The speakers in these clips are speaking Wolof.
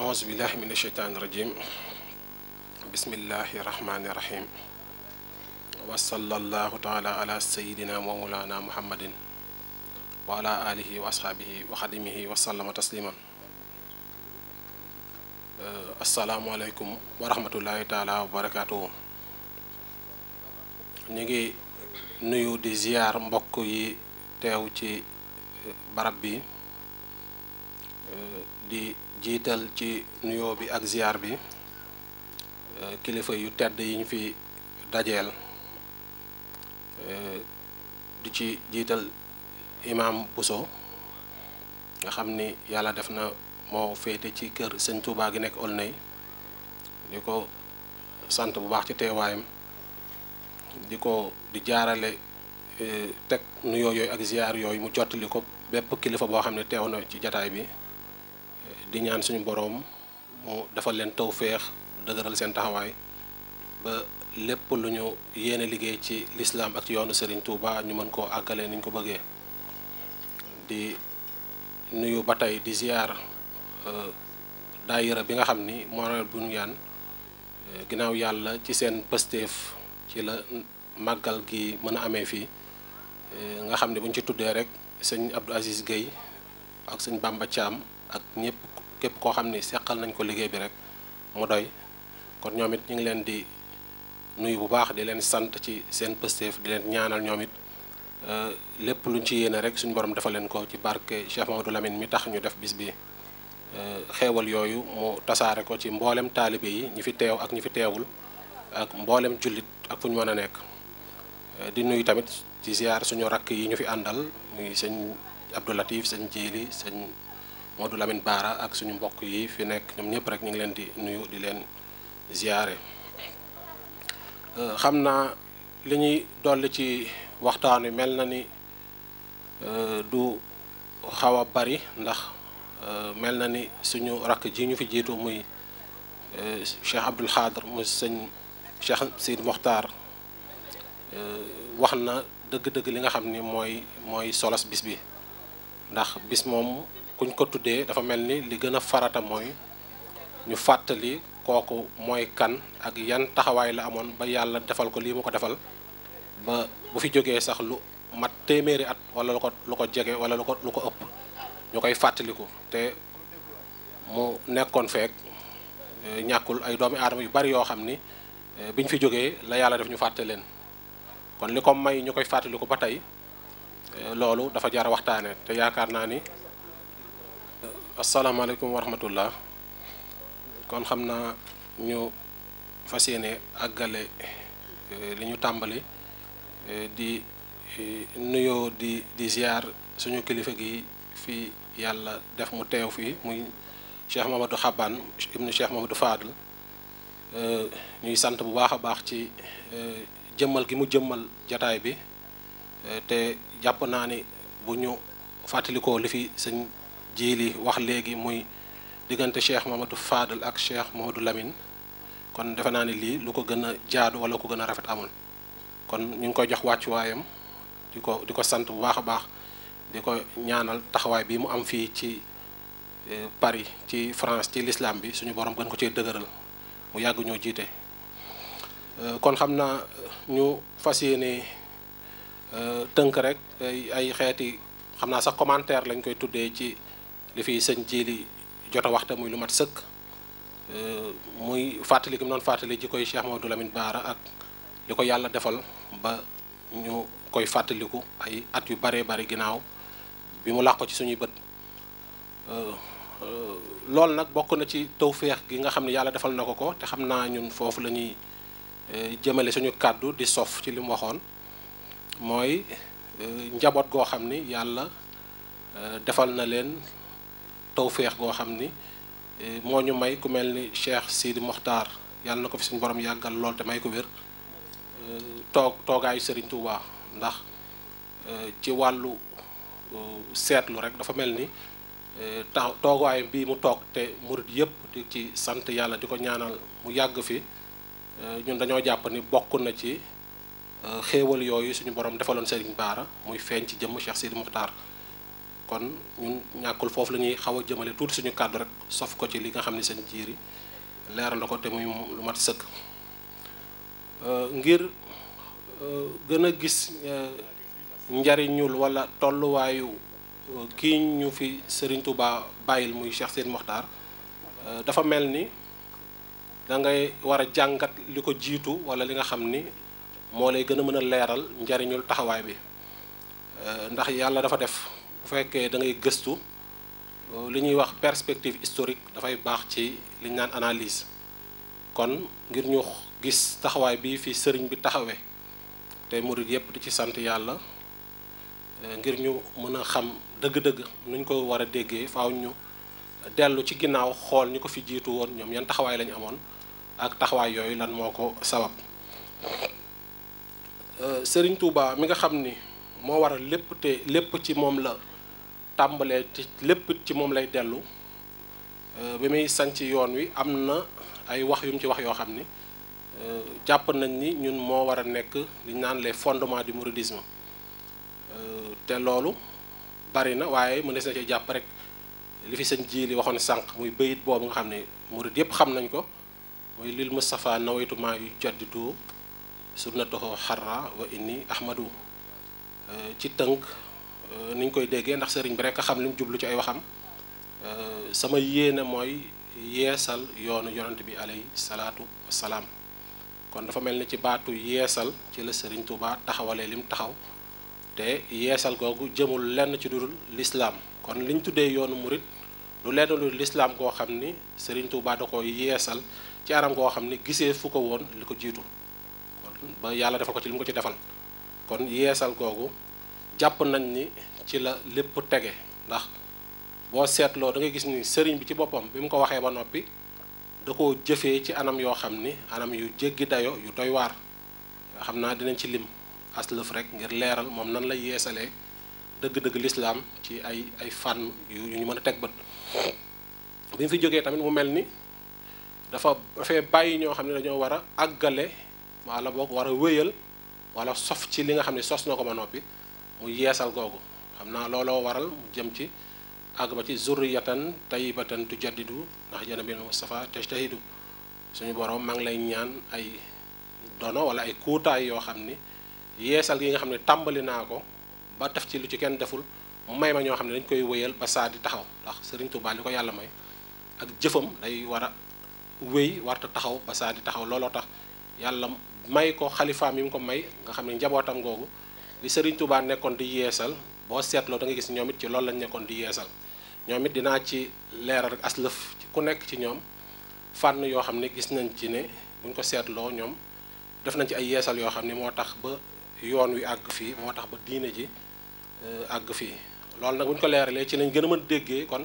auzu billahi min asheytaani rajim bismillahi rahmaani rahim wa sallallahu taala ala sayidina wa mawlana muhammadin wa ala alihi wa ashaabihi wa xadimihi wa sallama tasliman uh, asalaamualeykum wa rahmatullahi taala wa barakaatuhu ñu ngi nuyu di ziyaar mbokk yi teew ci barab di jiital ci nuyoo bi ak ziar bi eh, kilifa yu tedd yi ñu fi dajeel eh, di ci jiital imaam Bousso nga xam ni yàlla def na moo féete ci kër sëñ Touba gi nekk Aulnay di ko sant bu baax ci teewaayam di ko di jaarale eh, teg nuyoo yooyu ak ziar yooyu mu jottali ko bépp kilifa boo xam ne teew na ci jataay bi di ñaan suñu boroom mu defal leen tawféex dëgëral seen taxawaay ba lépp lu ñu yéene liggéey ci lislaam ak ci yoonu Serigne Touba ñu mën koo àggale niñ ko bëggee di nuyu ba tey di ziar euh, daayira bi nga xam ni moral bu ñu yaan euh, ginnaaw yàlla ci seen pësteef ci la màggal gi mën a amee fii euh, nga xam ne buñ ci tuddee rek sëñ Abdou Aziz Guèye ak sëñ Bamba Thiam ak ñëpp képp koo xam ni seqal nañ ko liggéey bi rek mu doy kon ñoom it ñu ngi leen di nuyu bu baax di leen sant ci seen pësteef di leen ñaanal ñoom it euh, lépp luñ ci yéene rek suñu borom defal leen ko ci barke Cheikh Mamadou Lamine mi tax ñu def bis bi euh, xeewal yooyu mu tasaare ko ci mboolem taalibe yi ñu fi teew ak ñu fi teewul ak mbooleem jullit ak fuñ ñu mën a nekk euh, di nuyu tamit ci ziar suñu rakk yi ñu fi àndal muy sëñ Abdou Latif sëñ Jéeli sëñ Modou Lamine Baara ak suñu mbokk yi fi nekk ñoom ñëpp rek ñu ngi leen di nuyu di leen ziyaare xam naa li ñuy dolli ci waxtaan wi mel na ni euh, du xaw a bari ndax euh, mel na ni suñu rakk ji ñu fi jiitu muy euh, Cheikh Abdoul Xaadir muy sëñ Cheikh Sidi Mokhtar wax na dëgg-dëgg li nga xam ni mooy mooy solos bis bi ndax bis moom kuñ ko tuddee dafa mel ni li gën a farata mooy ñu fàttali kooku mooy kan ak yan taxawaay la amoon ba yàlla defal ko lii mu ko defal ba bu fi jógee sax lu mat téeméeri at walla lu ko lu ko jege wala lu ko lu ko ëpp ñu koy fàttaliku te mu nekkoon feek eh, ñàkkul ay doomi aadama yu bari yoo xam ni eh, biñ fi jógee la yàlla def ñu fàtte leen kon li ko may ñu koy fàttaliku ba tey eh, loolu dafa jar waxtaane te yaakaar naa ni asalaamaaleykum wa rahmatullah kon xam naa ñu fas yéene àggale euh, li ñu tàmbali euh, di euh, nuyoo di di gear suñu kilifa gi fii yàlla def mu teew fii muy Cheikh Mamadou Xaban ibnu Cheikh Mamadou Fadl ñuy sant bu baax a baax ci jëmmal gi mu jëmmal jataay bi te jàpp naa ni bu ñu fàttalikoo li fi sëñ li wax léegi muy diggante cheikh Mamadou Fadal ak cheikh du Lamine kon defe naa ne lii lu ko gën a jaadu wala ko gën a rafet amul kon ñu ngi koy jox wàccuwaayam di ko di ko sant bu baax a baax di ko ñaanal taxawaay bii mu am fii ci e, Paris ci France ci lislaam bi suñu borom gën ko cee dëgëral mu yàgg ñoo jiite e, kon xam naa ñu fas yéene e, tënk rek ay xeeti xam naa sax commentaire lañ koy tuddee ci li fi sëñ jili jot a waxte muy lu mat sëkk euh, muy fàttali gi mu doon fàttali ji koy Cheikh Maodo Lamine Baara ak li ko yàlla defal ba ñu koy fàttaliku ay at yu baree bari ginnaaw bi mu làqu ci suñuy bët euh, euh, loolu nag bokk na ci tawféex gi nga xam ne yàlla defal na ko ko te xam naa ñun foofu la ñuy jëmale suñu kàddu di sof ci li waxoon mooy njaboot goo xam ni yàlla defal na leen tawféex goo xam ni eh, moo ñu may ku mel ni Cheikh Sidi Mokhtar yàlla na ko fi suñu borom yàggal lool te may ko wér eh, toog toogaayu Serigne Touba ndax eh, ci wàllu seetlu rek dafa mel ni tax toogaayam bii mu toog te murid yëpp di ci sant yàlla di ko ñaanal mu yàgg fi ñun dañoo jàpp ni bokk na ci xéewal yooyu suñu borom defaloon Serigne Baara muy feeñ ci jëmm Cheikh Sidi Mokhtar. kon ñun ñàkkul foofu la ñuy xaw a jëmale tuuti suñu kàddu rek sof ko ci li nga xam ne seen jiir yi leeral na ko te muy lu mat sëkk euh, ngir euh, gën a gis euh, njariñul wala tolluwaayu kii ñu fi Serigne Touba bàyyil muy Cheikh seen Mokhtar dafa mel ni da ngay war a jàngat li ko jiitu wala li nga xam ni moo lay gën a mën a leeral njariñul taxawaay bi ndax yàlla dafa def fekkee da ngay gëstu li ñuy wax perspective historique dafay baax ci liñ naan analyse kon ngir ñu gis taxawaay bi fi sëriñ bi taxawee te murid yépp di ci sant yàlla eh, ngir ñu mën a xam dëgg-dëgg nuñ ko war a déggee faaw ñu dellu ci ginnaaw xool ñu ko fi jiitu woon ñoom yan taxawaay lañu amoon ak taxawaay yooyu lan moo ko sabab eh, sëriñ Touba mi nga xam ni moo waral lépp te lépp ci moom la tàmbalee ci lépp ci moom lay dellu euh, bi muy sanc yoon wi am na ay wax yu mu ci wax yoo xam ni euh, jàpp nañ ni ñun moo war a nekk li ñu naan les fondements du mouridisme euh, te loolu bari na waaye mënees na cee jàpp rek li fi sëñ ji li waxoon sànq muy bayit boobu nga xam ne murid yëpp xam nañ ko mooy lil Moustapha nawaytumaa yu jadditu sunnatahu xarra wa indi ahmadu ci tënk Euh, ni ñu koy déggee ndax sëriñ bi rek a xam li jublu ci ay waxam euh, sama yéene mooy yeesal yoonu yonent bi alayhi salaatu wasalaam kon dafa mel ni ci baatu yeesal ci la sëriñ Touba taxawalee lim taxaw te yeesal googu jëmul lenn ci dudul lislaam kon liñ tuddee yoonu murit lu lenn lu lislaam koo xam ni sëriñ Touba da ko yeesal ci anam koo xam ni gisee fu ko woon li ko jiitu kon ba yàlla defal ko ci li ko ci defal kon yeesal googu jàpp nañ ni ci la lépp tege ndax boo seetloo da nga gis ni sëriñ bi ci boppam bi mu ko waxee ba noppi da koo jëfee ci anam yoo xam ni anam yu jéggi dayo yu doy waar xam naa dinañ ci lim aslëf rek ngir leeral moom nan la yeesalee dëgg-dëgg lislaam ci ay ay fànn yu ñu mën a teg bët bi mu fi jógee tamit mu mel ni dafa dafay bàyyi ñoo xam ne dañoo war a àggale wala boog war a wéyal wala sof ci li nga xam ne sos na ko ba noppi mu yeesal googu xam naa looloo waral mu jëm ci àgg ba ci zurriyatan tayyibatan tujaddidu ndax janabil te tajtahidu suñu borom maa ngi lay ñaan ay dono wala ay kuutaay yoo xam ni yeesal gi nga xam ne tàmbali naa ko ba def ci lu ci kenn deful mu may ma ñoo xam ne dañ koy wéyal ba saa di taxaw ndax Sëriñ Tuubaa li ko yàlla may ak jëfam day war a warta taxaw ba saa di taxaw looloo tax yàlla may ko xalifaam yi mu ko may nga xam ne njabootam googu li Serigne Touba nekkoon di yeesal boo seetloo da nga gis ñoom it ci loolu lañ nekkoon di yeesal ñoom it dinaa ci leeral ak lëf ku nekk ci ñoom fànn yoo xam ne gis nañ ci ne buñ ko seetloo ñoom def nañ ci ay yeesal yoo xam ne moo tax ba yoon wi àgg fii moo tax ba diine ji euh, àgg fii loolu nag buñ ñu ko leeralee ci lañ gën a mën déggee kon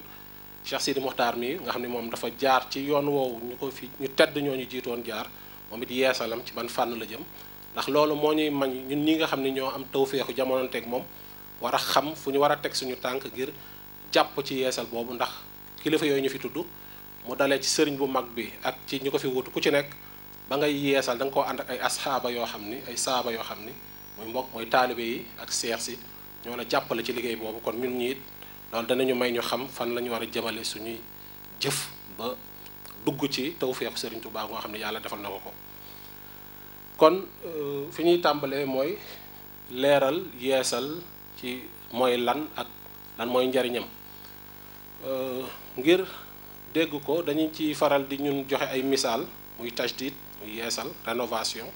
Cheikh Sidi Mokhtar mi nga xam ne moom dafa jaar ci yoon woowu ñu ko fi ñu tedd ñoo ñu jiitoon jaar moom it yeesalam ci ban fànn la jëm ndax loolu moo ñuy mañ ñun ñi nga xam ne ñoo am tawféexu jamononteeg moom war a xam fu ñu war a teg suñu tànk ngir jàpp ci yeesal boobu ndax kilifa yooyu ñu fi tudd mu dalee ci sëriñ bu mag bi ak ci ñu ko fi wutu ku ci nekk ba ngay yeesal danga ko ànd ak ay asxaaba yoo xam ni ay saaba yoo xam ni mooy mbokk mooy taalibe yi ak seex si ñoo la jàppale ci liggéey boobu kon ñun ñi it loolu danañu may ñu xam fan la ñu war a jëmale suñuy jëf ba dugg ci tawféexu sëriñ Tuubaa nga xam ne yàlla defal na ko ko kon euh, fi ñuy tàmbalee mooy leeral yeesal ci mooy lan ak lan mooy njariñam euh, ngir dégg ko dañu ci faral di ñun joxe ay misaal muy tajdid muy yeesal rénovation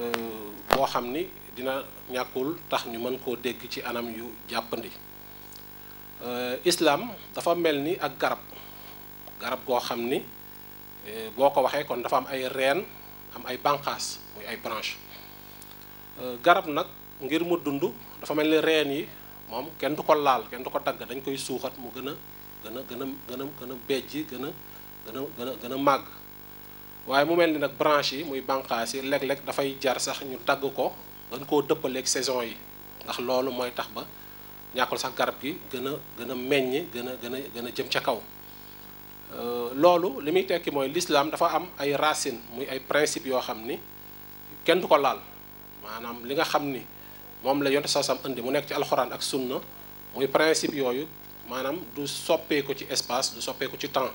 euh, boo xam ni dina ñàkkul tax ñu mën koo dégg ci anam yu jàppandi islaam dafa mel ni ak garab garab goo xam ni boo ko waxee kon dafa am ay reen am ay bànqaas muy ay branche garab nag ngir mu dund dafa mel ni reen yi moom kenn du ko laal kenn du ko dagg dañ koy suuxat mu gën a gën a gën a gën a gën a bejji gën a gën gën a màgg waaye mu mel ni nag branche yi muy bànqaas yi léeg-léeg dafay jar sax ñu dagg ko gën koo dëppaleeg saison yi ndax loolu mooy tax ba ñàkkul sax garab gi gën a gën a meññ gën a gën a gën a jëm ca kaw Euh, loolu li muy tekki mooy lislaam dafa am ay racines muy ay principes yoo xam ni kenn du ko laal maanaam li nga xam ni moom la yonte saasam indi mu nekk ci alxuraan ak sunna muy principe yooyu maanaam du soppeeku ci espace du soppeeku ci temps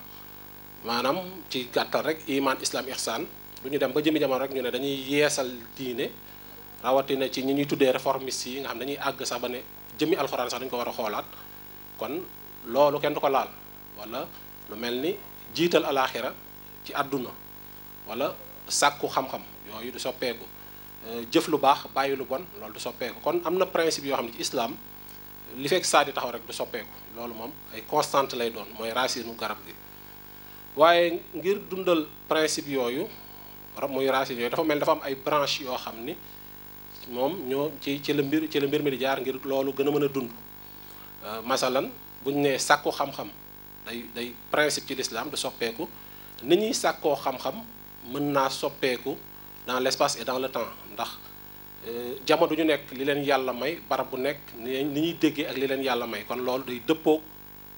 maanaam ci gàttal rek iman islam ihsan du ñu dem ba jëmi jamono rek ñu ne dañuy yeesal diine rawatina ci ñi ñuy tuddee réformistes yi nga xam dañuy àgg sax ba ne jëmi alxuraan sax dañu ko war a xoolaat kon loolu kenn du ko laal lu mel ni jiital alaaxira ci àdduna wala sàkku xam-xam yooyu du soppeeku euh, jëf lu baax bàyyi lu bon loolu du soppeeku kon am na principe yoo xam ne ci islam li fekk saa di taxaw rek du soppeeku loolu moom ay constante lay doon mooy racine garab gi waaye ngir dundal principe yooyu muy racine yooyu dafa mel dafa am ay branche yoo xam ni moom ñoo ci ci la mbir ci mbir mi di jaar ngir loolu gën a mën a dund euh, masalan buñ nee sàkku xam-xam day day principe ci l'islam du soppeeku ni ñuy sàkkoo xam-xam mën naa soppeeku dans l'espace et dans le temps ndax euh, jamono ñu nekk li leen yàlla may barab bu nekk ni ñuy déggee ak li leen yàlla may kon loolu day dëppoog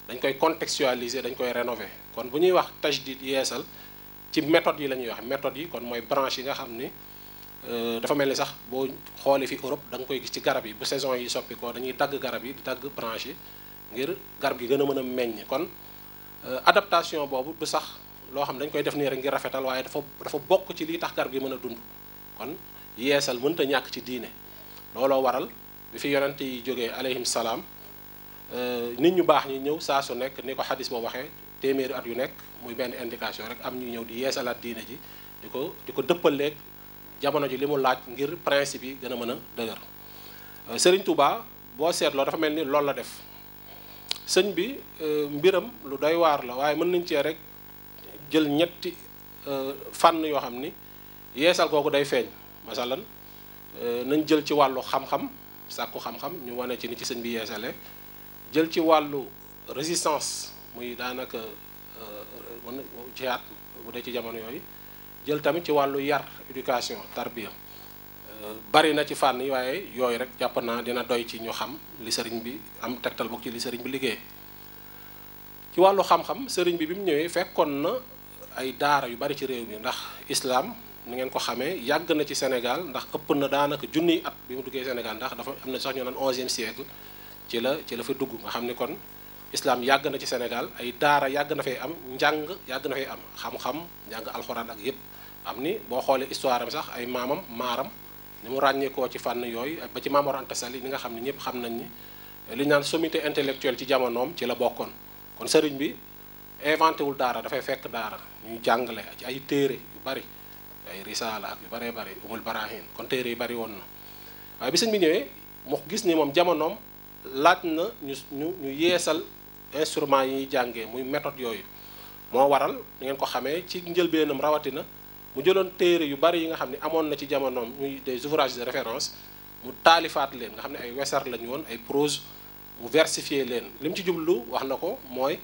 dañ koy contextualiser dañ koy rénover kon bu ñuy wax tajdid yeesal ci méthode yi la ñuy wax méthode yi kon mooy branche yi nga xam ni euh, dafa mel ni sax boo xoolee fi Europe da nga koy gis ci garab yi bu saison yi soppi dañuy dagg garab yi di dagg yi ngir garab gi gën a mën a meññ kon Euh, adaptation boobu du sax loo xam dañ koy def nii rek ngir rafetal waaye dafa dafa bokk ci lii tax garab gi mën a dund kon yeesal mënta ñàkk ci diine looloo waral bi fi yonent yi jógee aleyhim salaam euh, nit ñu baax ñi ñëw saa su nekk ni ko xadis boo waxee téeméeri at yu nekk muy benn indication rek am ñu ñëw di yeesalaat diine ji di ko di ko dëppaleeg jamono ji li mu laaj ngir principe yi gën a mën a dëgër euh, sëriñ tubaa boo seetloo dafa mel ni loolu la def sëñ bi euh, mbiram lu doy waar la waaye mën nañ cee rek jël ñetti euh, fànn yoo xam ni yeesal kooku day feeñ masalan euh, nañ jël ci wàllu xam-xam sàkku xam-xam ñu wane ci ni ci sëñ bi yeesale jël ci wàllu résistance muy daanaka jihaat bu dee ci jamono yooyu jël tamit ci wàllu yar éducation tarbiya bari na ci fànn yi waaye yooyu rek jàpp naa dina doy ci ñu xam li sëriñ bi am tegtal bokk ci li sëriñ bi liggéey ci wàllu xam-xam sëriñ bi bi mu ñëwee fekkoon na ay daara yu bari ci réew mi ndax islaam na ngeen ko xamee yàgg na ci Sénégal ndax ëpp na daanaka junniy at bi mu duggee Sénégal ndax dafa am na sax ñu naan onzième siècle ci la ci la fa dugg nga xam ni kon islaam yàgg na ci Sénégal ay daara yàgg na fay am njàng yàgg na fay am xam-xam njàng alxuraan am ni boo xoolee histoire am sax ay maamam maaram ni mu ràññeekoo ci fànn yooyu ba ci Maam Mor ni nga xam ne ñëpp xam nañ ni li naan somité intellectuelle ci jamonoom ci la bokkoon kon sëriñ bi inventé wul daara dafay fekk daara ñuy jàngale ci ay téere yu bari ay risaala ak yu baree bari umul barahin kon téere yi bari woon na waaye bi sëñ bi ñëwee mu gis ni moom jamonoom laaj na ñu ñu ñu yeesal instrument yi ñuy jàngee muy méthode yooyu moo waral ngeen ko xamee ci njëlbeenam rawatina mu jëloon téere yu bari yi nga xam ne amoon na ci jamonoom muy des ouvrages de référence mu taalifaat leen nga xam ne ay wesar lañu woon ay prose mu versifier leen lim ci jublu wax na ko mooy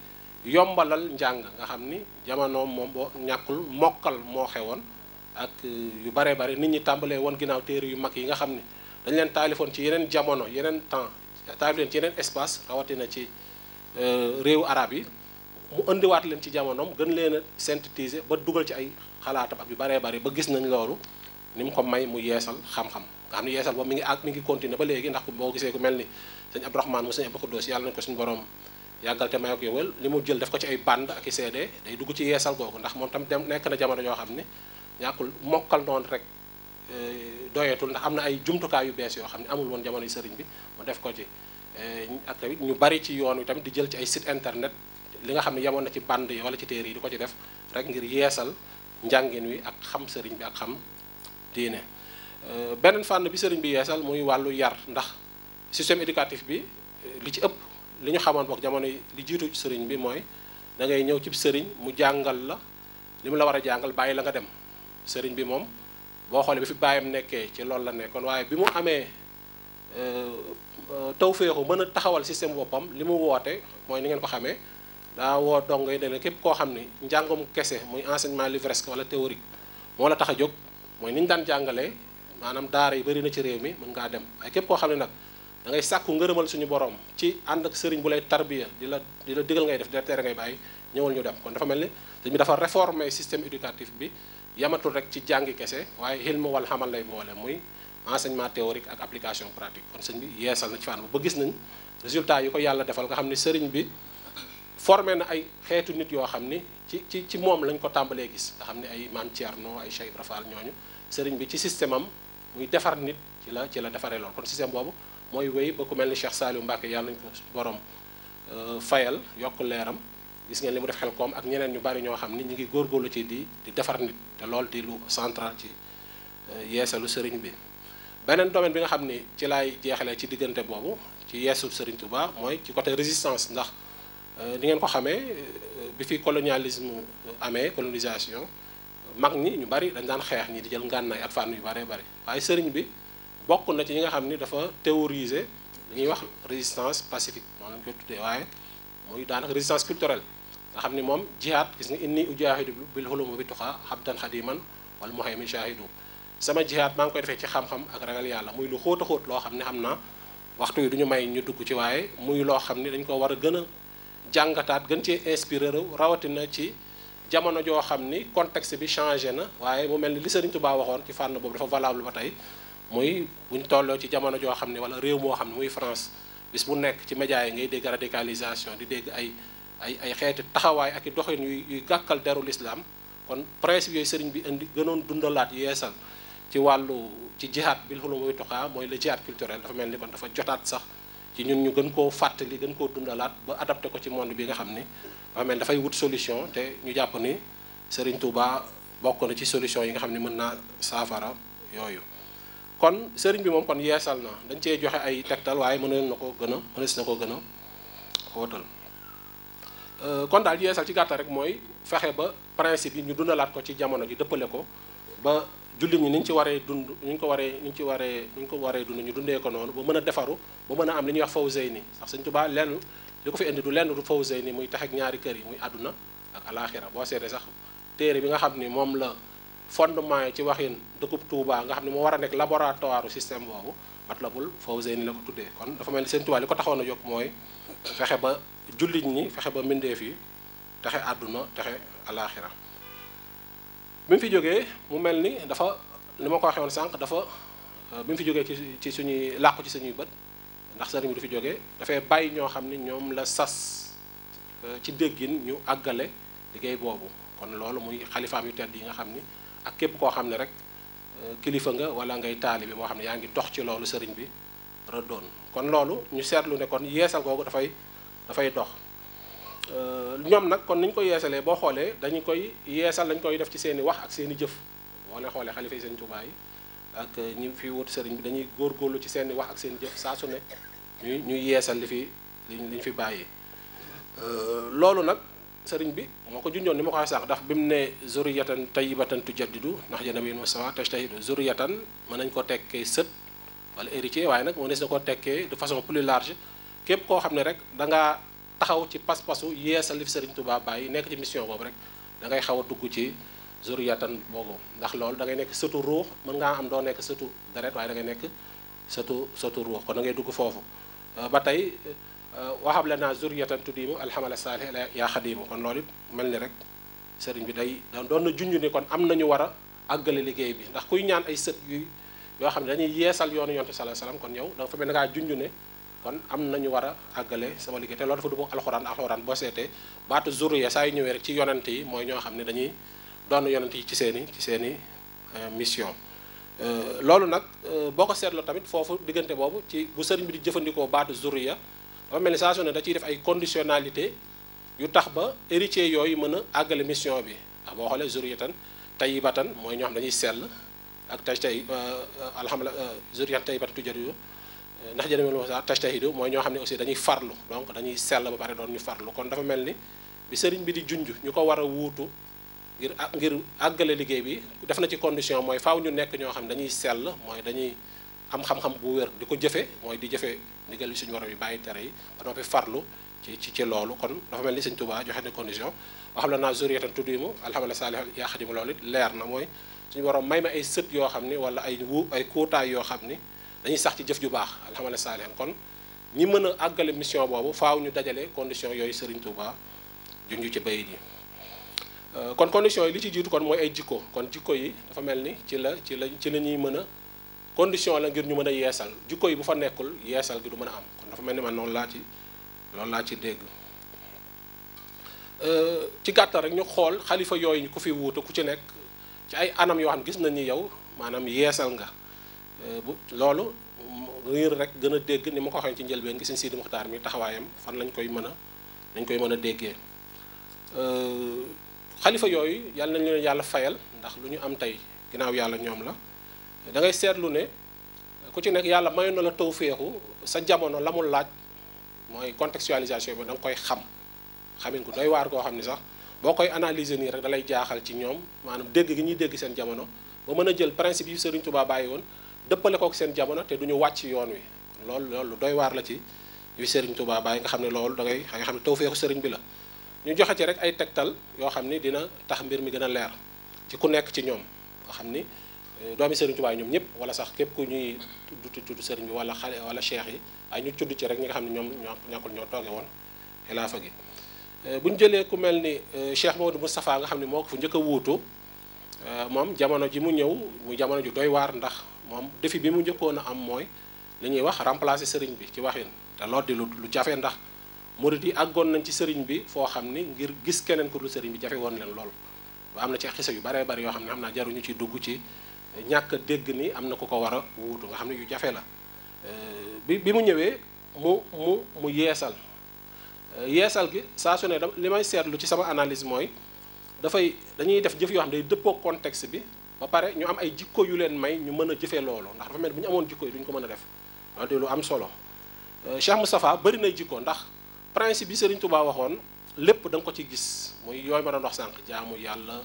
yombalal njàng nga xam ni jamonoom moom boo ñàkkul mokkal moo xewoon ak euh, yu baree bari nit ñi tàmbalee woon ginnaaw téere yu mag yi nga xam ni dañ leen taalifoon ci yeneen jamono yeneen temps taalif leen ci yeneen espace rawatina ci euh, réewu arab yi mu indiwaat leen ci jamonoom gën leen a ba dugal ci ay xalaatam ak yu baree bari ba gis nañ loolu ni mu ko may mu yeesal xam-xam nga xam ne yeesal boobu mi ngi ak mi ngi continuer ba léegi boo gisee ku mel ni sëñ Abdourahmane mu sëñ Abdou Khoudoss yàlla nañ suñu borom yàggal te may ak yowal mu jël def ko ci ay band ak i CD day dugg ci yeesal googu ndax moom tamit dem nekk na jamono yoo xam ne ñàkkul mokkal noonu rek eh, doyatul ndax am na ay jumtukaay yu bees yoo xam ne amul woon jamonoy sëriñ bi mu def ko ci eh, ak tamit ñu bari ci yoon wi tamit di jël ci ay site internet li nga xam ne yemoon na ci band yi wala ci téere yi di ko ci def rek ngir yeesal njàngin wi ak xam sëriñ bi ak xam diine euh, beneen fànn bi sëriñ bi yeesal muy wàllu yar ndax système éducatif bi li ci ëpp li ñu xamoon boog jamono li jiitu sëriñ bi mooy da ngay ñëw cib sëriñ mu jàngal la li mu la war a jàngal bàyyi la nga dem sëriñ bi moom boo xoolee bi fi bàyyam nekkee ci loolu la nekkoon waaye bi mu amee euh, euh, tawféexu mën a taxawal système boppam li mu woote mooy ni ngeen ko xamee daa woo dong yi ne képp koo xam ne njàngum kese muy enseignement livresque wala théorique moo la tax a jóg mooy ni ñu daan jàngalee maanaam daara yi bëri na ci réew mi mën ngaa dem waaye képp koo xam ne nag da ngay sàkku ngërëmal suñu boroom ci ànd ak sëriñ bu lay tarbiya di la di la digal ngay def di la tere ngay bàyyi ñëwal ñu dem kon dafa mel ni dañu dafa réformer système éducatif bi yamatul rek ci jàngi kese waaye xilma wal xamal lay boole muy enseignement théorique ak application pratique kon sëñ bi yeesal na ci gis nañ yàlla defal nga xam ne sëriñ bi formé na ay xeetu nit yoo xam ni ci ci ci moom lañ ko tàmbalee gis nga xam ne ay Maam Thierno ay Cheikh Ibra Fall ñooñu sëriñ bi ci système am muy defar nit ci la ci la defaree lool kon système boobu mooy wéy ba mel ni Cheikh Saliou Mbacke yàlla ko borom euh, fayal yokk leeram gis ngeen li mu def koom ak ñeneen ñu bari ñoo xam ni ñu ngi góorgóorlu ci di di defar nit te lool di lu central ci euh, yeesalu sëriñ bi beneen domaine bi nga xam ni ci laay jeexalee ci diggante boobu ci yeesu sëriñ mooy ci côté résistance ndax li euh, ngeen ko xamee euh, bi fi colonialisme amee colonisation mag ñi ñu bari dañ daan xeex ñi di jël ngànnaay ak fànn yu baree bari waaye sëriñ bi bokk na ci ñi nga xam ni dafa théoriser dañuy wax résistance pacifique noonu lañ koy tuddee waaye muy daanaka résistance culturelle nga xam ni moom jihaad gis nga inni ujaahidu bil hulumi bi tuxaa habdan xadiman wal muhaymin shahidu sama jihaad maa ngi koy defee ci xam-xam ak ragal yàlla muy lu xóota xóot loo xam ne xam naa waxtu yi du ñu may ñu dugg ci waaye muy loo xam ni dañ ko war a gën a jàngataat gën ci inspiré rawatina ci jamono joo xam ni contexte bi changé na waaye mu mel ni li Serigne baa waxoon ci fànn boobu dafa valable ba tey muy buñ tolloo ci jamono joo xam ne wala réew moo xam ne muy France bis bu nekk ci média yi ngay dégg radicalisation di dégg ay ay ay xeeti taxawaay ak i doxin yuy yuy gàkkal deru l'islam kon principe yooyu sëriñ bi indi gënoon dundalaat yeesal ci wàllu ci jihaad bil hulum way tuqaa mooy le jihaad culturel dafa mel ni kon dafa jotaat sax ci ñun ñu gën koo fàttali gën koo dundalaat ba adapté ko ci monde bi nga xam ni amee dafay wut solution te ñu jàpp ni Serigne Touba bokk na ci solution yi nga xam ni mën naa saafara yooyu kon Serigne bi moom kon yeesal na dañ cee joxe ay tegtal waaye mënoon na ko gën a mënees na ko gën a xóotal euh, kon daal yeesal ci gàttal rek mooy fexe ba principe yi ñu dundalaat ko ci jamono ji dëppale ko ba jullit ñi ni ñu ci waree dund ñu ko waree ñu ci waree ñu ko waree dund ñu dundee ko noonu ba mën a defaru ba mën a am li ñuy wax fawzayni sax Sëñ Tuubaa lenn li ko fi indi du lenn du fawzayni muy tax ñaari kër yi muy àdduna ak boo seetee sax téere bi nga xam ni moom la fondement yi ci waxin dëkkub Touba nga xam ne war a nekk laboratoire système boobu Matlabul Fawzayni la ko tuddee kon dafa mel ni Sëñ Tuubaa li ko taxoon a jóg mooy fexe ba jullit ñi fexe ba mbindeef yi texe àdduna texe alaaxira bi mu fi jógee mu mel ni dafa li ma ko waxee woon sànq dafa euh, bi mu fi jógee ci ci suñuy làqu ci suñuy bët ndax sëriñ bi du fi jógee dafay bàyyi ñoo xam ne ñoom la sas euh, ci déggin ñu àggale liggéey boobu kon loolu muy xalifaam yu tedd yi nga xam ni ak képp koo xam ne rek euh, kilifa nga wala ngay taalibe moo xam ne yaa ngi dox ci loolu sëriñ bi rëddoon kon loolu ñu seetlu ne kon yeesal googu dafay dafay dox Euh, ñoom nag kon niñ ko yeesalee boo xoolee dañu koy yeesal lañ koy def ci seen i wax ak seen i jëf boo leen xoolee xalifa yi sëñ Tuubaa yi ak ñi fi wut sëriñ bi dañuy góorgóorlu ci seen i wax ak seen jëf saa su ne ñu ñuy yeesal li fi li ñu fi bàyyee euh, loolu nag sëriñ bi moo ko junjoon ni ma ko waxee sànq ndax bi mu ne zuriyatan tayyibatan tujaddidu ndax jana biin wasawa tajtahidu zuriyatan mën nañ ko tekkee sët wala héritier waaye nag moo nes na ko tekkee de façon plus large koo xam ne rek taxaw ci pas-pasu yeesal li fi Serigne Touba bàyyi nekk ci mission boobu rek da ngay xaw a dugg ci zuriyatan boobu ndax loolu da ngay nekk sëtu ruux mën ngaa am doo nekk sëtu deret waaye da ngay nekk sëtu sëtu ruux kon da ngay dugg foofu euh, ba tey euh, waxam la naa zuriyatan tuddimu alhamala saalih yaa xadimu kon loolu it mel ni rek sëriñ bi day doon na junj ni kon am nañu war a àggale liggéey bi ndax kuy ñaan ay sët yoo xam ne dañuy yeesal yoonu yonte sallallahu alayhi wasallam kon yow da nga fa mel ne ngaa ne kon am nañu war a àggale sama liggéey te loolu dafa dugg alxuraan alxuraan boo seetee baatu zurriya saa yu ñëwee rek ci yonent yi mooy ñoo xam ne dañuy doon yonent yi ci seeni ci seeni euh, mission euh, loolu nag euh, boo ko seetloo tamit foofu diggante boobu ci bu sëriñ bi di jëfandikoo baatu zurriya dafa mel ni saa su ne da ciy def ay conditionnalité yu tax ba héritier yooyu mën a àggale mission bi ndax boo xoolee zurriyatan tayyibatan mooy ñoo xam dañuy sell ak tay tay alhamdulilah zurriyatan tayyibatan tujariyu ndax jërëmel wasa tajtahidu mooy ñoo xam ne aussi dañuy farlu donc dañuy sell ba pare doon ñu farlu kon dafa mel ni bi sëriñ bi di junj ñu ko war a wuutu ngir ngir àggale liggéey bi def na ci condition mooy faw ñu nekk ñoo xam ne dañuy sell mooy dañuy am xam-xam bu wér di ko jëfe mooy di jëfe ndigal li suñu warom yi bàyyi tere yi ba noppi farlu ci ci ci loolu kon dafa mel ni sëñ Touba joxe ne condition wax la naa zuriyatan tuddimu alhamdulilah saalih yaa xadimu loolu it leer na mooy suñu warom may ma ay sët yoo xam ni wala ay wu ay kuutaay yoo xam ni dañuy sax ci jëf ju baax alhamala saalihan kon ñi mën a àggale mission boobu faaw ñu dajale condition yooyu Serigne Touba junj ci bayit yi euh, kon condition yi li ci jiitu kon mooy ay jikko kon jikko yi dafa mel ni ci la ci la ci la ñuy mën a condition la ngir ñu mën a yeesal jikko yi bu fa nekkul yeesal gi du mën a am kon dafa mel ni man noonu laa ci loolu laa ci dégg euh, ci gàttal rek ñu xool xalifa yooyu ku fi wuute ku ci nekk ci ay anam yoo xam gis nañ ni yow maanaam yeesal nga Euh, bu loolu riir rek gën a dégg ni ma ko waxee ci njëlbeen gi sëñ Sidi Muxtaar mi taxawaayam fan lañ koy mën a dañ koy mën a déggee euh, xalifa yooyu yàlla nañ leen yàlla fayal ndax lu ñu am tey ginnaaw yàlla ñoom la dangay seetlu ne ku ci nekk yàlla mayoon na la tawféexu sa jamono la mu laaj mooy contextualisation bi da nga koy xam xamin ko doy waar koo xam ni sax boo koy analyser nii rek dalay jaaxal ci ñoom maanaam dégg gi ñuy dégg seen jamono ba mën a jël principe yi Serigne Touba bàyyi woon dëppale kook seen jamono te du ñu wàcc yoon wi lool loolu lu doy waar la ci yu Serigne Touba bàyyi nga xam ne loolu da ngay nga xam ne tawfeexu Serigne bi la ñu joxe ci rek ay tegtal yoo xam ni dina tax mbir mi gën a leer ci ku nekk ci ñoom nga xam ni eh, doomi Serigne Touba ñoom ñëpp wala sax képp ku ñuy tudd tudd Serigne bi wala xale wala cheikh yi ay ñu tudd ci rek ñi nga xam ne ñoom ñoo ñàkkul ñoo tooge woon xilaafa gi eh, bu ñu jëlee ku mel ni eh, Cheikh Maodo Moustapha nga xam ne moo ko fu njëkk a wuutu moom jamono ji mu ñëw jamono ju doy waar ndax moom defi bi mu njëkkoon a am mooy li ñuy wax remplacer sëriñ bi ci waxin te loolu di lu lu jafe ndax moo di àggoon nañ ci sëriñ bi foo xam ni ngir gis keneen ku dul sëriñ bi jafe woon leen lool ba am na ci xisa yu baree bari yoo xam ne xam naa jaruñu ci dugg ci ñàkk dégg ni am na ku ko war a wuutu nga xam ne yu jafe la euh, bi bi mu ñëwee mu mu mu yeesal euh, yeesal gi saa su ne li may seetlu ci sama analyse mooy dafay dañuy def jëf yoo xam ne day dëppoo bi ba pare ñu am ay jikko yu leen may ñu mën a jëfee loolu ndax dafa mel bu ñu amoon jikko yi duñ ko mën a def wante lu am solo euh, Cheikh Moustapha bëri nay jikko ndax principe bi Serigne Touba waxoon lépp da nga ko ci gis muy yooyu ma doon wax sànq jaamu yàlla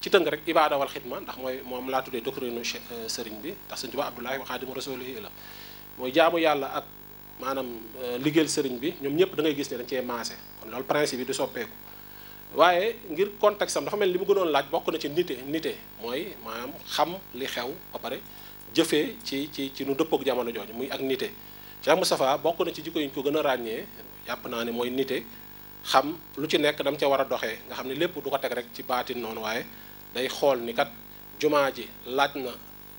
ci tënk rek ibaada wal xidma ndax mooy moom laa tuddee doctrine euh, Serigne bi ndax Serigne Touba Abdoulaye wa Xaadimu Rasuulihi la mooy jaamu yàlla ak maanaam euh, liggéeyal Serigne bi ñoom ñëpp da ngay gis ne dañ cee maase kon loolu principe bi du soppeeku waaye ngir contexte am dafa mel ni li mu gënoon laaj bokk na ci nite nite mooy maanaam xam li xew ba pare jëfee ci ci ci nu dëppook jamono jooju muy ak nite Cheikh Moustapha bokk na ci jikko yi ñu ko gën a ràññee yàpp naa ne mooy nite xam lu ci nekk dam ca war a doxee nga xam ne lépp du ko teg rek ci baatin noonu waaye day xool ni kat jumaa ji laaj na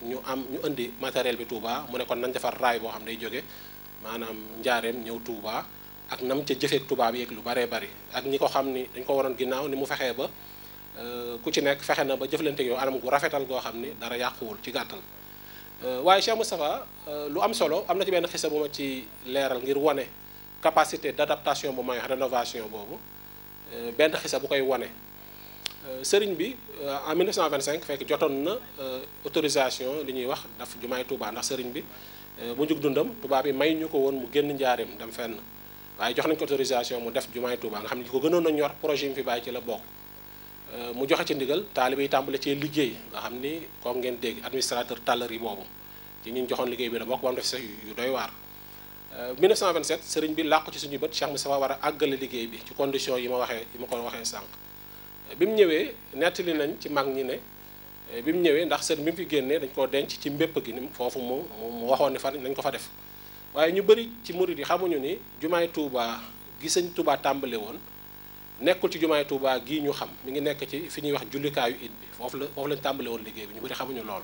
ñu am ñu indi materiel bi Touba mu ne kon nañ defar raay boo xam day jóge maanaam njaareem ñëw tuubaa ak nam ca jëfee tubaab yeeg lu baree bari ak ñi ko xam ni dañ ko waroon ginnaaw ni mu fexee ba euh, ku ci nekk fexe na ba jëflante yow anam gu rafetal goo xam ni dara yàquwul ci gàttal euh, waaye Cheikh Moustapha euh, lu am solo am na ci benn xisa bu ma ci leeral ngir wane capacité d'adaptation bu may wax rénovation boobu benn xisa bu koy wane sëriñ bi en 1925 fekk jotoon na autorisation li ñuy wax daf jumaay Touba ndax sëriñ bi mu jug dundam tubaab yi may ñu ko woon mu génn njaareem dem fenn waaye jox nañ ko autorisation mu def jumaay Touba nga xam ne li ko gënoon a ñor projet yi mu fi bàyyi ci la bokk euh, mu joxe ci ndigal taalibe yi tàmbale cee liggéey nga xam ni kooku ngeen dégg administrateur tàllari boobu ci ñu joxoon liggéey bi la bokk ba mu def sax yu doy waar 1927 euh, sëriñ bi làqu ci suñu bët Cheikh Moustapha war a àggale liggéey bi ci condition yi ma waxee yi ma ko waxee sànq euh, bi mu ñëwee nettali nañ ci mag ñi ne bi mu ñëwee ndax sëriñ bi mu fi génnee dañ koo denc ci mbépp gi ni foofu mu waxoon ne fa nañ ko fa def waaye ñu bari ci murid yi xamuñu ni jumaay tuubaa gi sañ Touba tàmbale woon nekkul ci jumaay tuubaa gii ñu xam mu ngi nekk ci fi ñuy wax jullikaayu it bi foofu la foofu lañ tàmbale woon liggéey bi ñu bëri xamuñu lool.